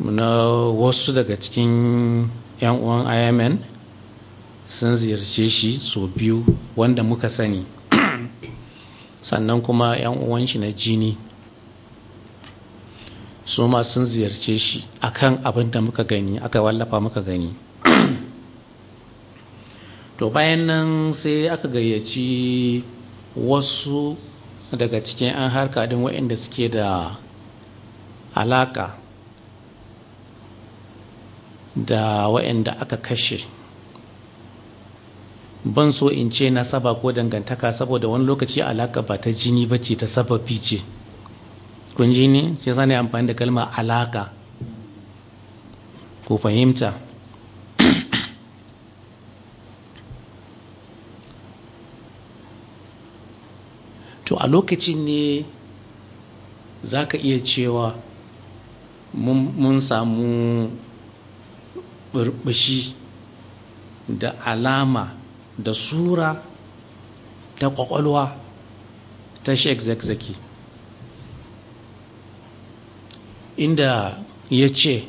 na wasu daga cikin 'yan uwan imn sun ziyarce shi so biyu wanda muka sani sannan kuma 'yan uwan shi na jini su ma sun ziyarce shi akan abin da muka gani aka wallafa muka gani to bayan nan sai aka gayyaci wasu daga cikin an harka din waɗanda suke da alaƙa. da waɗanda aka kashe ban so in ce na saba ko dangantaka saboda wani lokaci alaka ba ta jini ba ce ta sababi ce kun ji ne shi zane amfani da kalma alaka ku fahimta to a lokacin ne za ka iya cewa mun samu burbushi da alama da sura ta kwakwalwa ta sheik zakzaki inda ya ce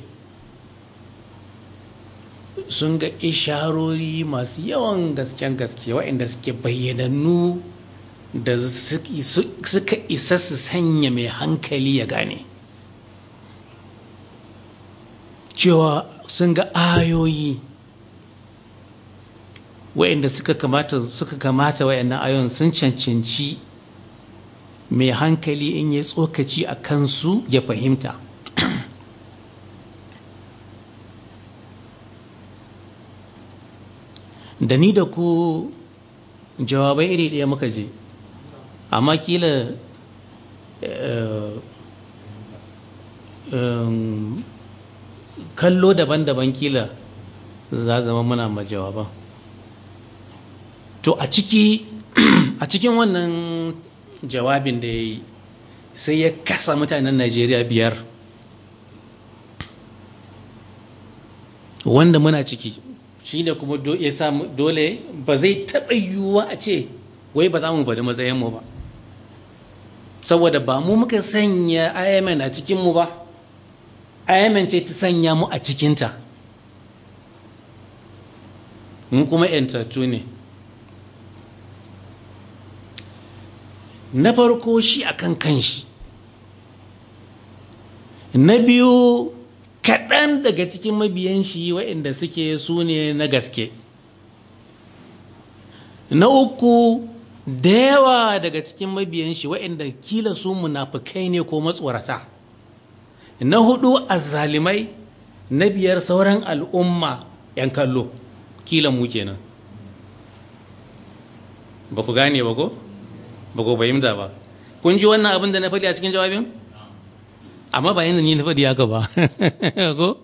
sun ga isharori masu yawan gasken gaske waɗanda suke bayyanannu da suka isa su sanya mai hankali ya gane cewa sun ga ayoyi wa'inda suka kamata suka kamata wa'annan ayoyin sun cancanci mai hankali in ya tsokaci a kansu ya fahimta da ni da ku jawabai iri ɗaya muka je amma kila eh, eh, kallo daban-daban kila za zama muna ma to a cikin wannan jawabin da ya yi sai ya kasa mutanen najeriya biyar wanda muna ciki shi ne kuma ya samu dole ba zai taɓa yiwuwa a ce wai ba za mu bada matsayinmu ba saboda ba mu muka sanya imn a cikinmu ba a yamince ta sanya mu a cikinta mu kuma yantattu ne na farko shi a kan kanshi na biyu kaɗan daga cikin mabiyan shi waɗanda suke su ne na gaske na uku da yawa daga cikin mabiyan shi waɗanda kila su munafukai ne ko matsorata na hudu azzalimai na biyar sauran al'umma 'yan kallo kila mu kenan ba ku gane ba ko ba ku fahimta ba kun ji wannan abin da na faɗi a cikin jawabin amma ba yanzu ni na faɗi haka ba ko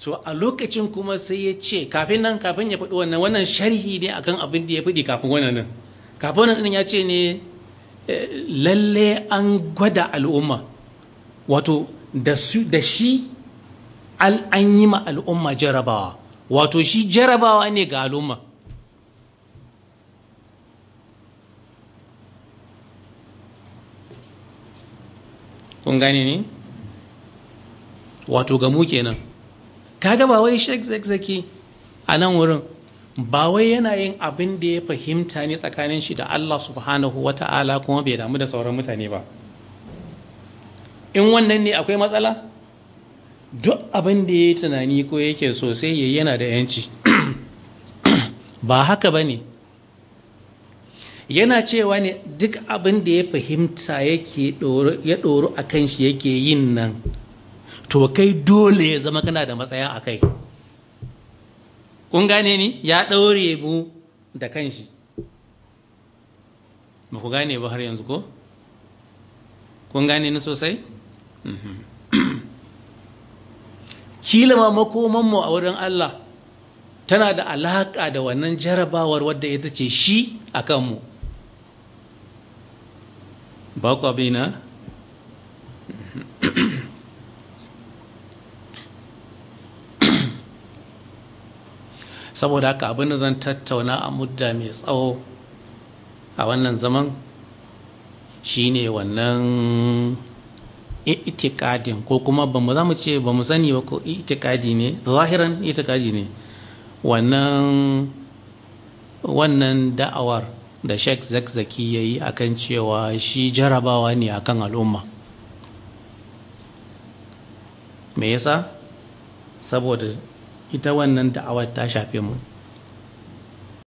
to a lokacin kuma sai ya ce kafin nan kafin ya faɗi wannan wannan sharhi ne akan abin da ya faɗi kafin wannan nan kafin wannan ya ce ne eh, lalle an gwada al'umma wato da shi an yi ma al'umma jarabawa wato shi jarabawa ne ga al'umma kun gane ne wato ga mu kenan kaga ba wai shek zaki a nan wurin ba wai yana yin abin da ya fahimta ne tsakanin shi da allah subhanahu wa ta'ala kuma bai damu da sauran mutane ba in wannan ne akwai matsala duk abin da ya yi tunani ko yake sosai ya yana da yanci ba haka ba ne yana cewa ne duk abin da ya fahimta yake ya ɗoru a kan shi yake yin nan to kai dole ya zama kana da matsaya a kai kun gane ni ya ɗaure mu da kan shi ba ku gane ba har yanzu ko kun gane ni sosai kila ma makomanmu a wurin Allah tana da alaƙa da wannan jarabawar wadda ya ce shi a kanmu ba ku saboda haka abin da zan tattauna a mudda mai tsawo a wannan zaman shine wannan itikadin ko kuma ba mu ce ba mu sani ba ko itikadi ne zahiran itikadi ne wannan da'awar da Sheikh Zakzaki ya yi akan cewa shi jarabawa ne akan al'umma me yasa saboda ita wannan da'awar ta shafe mu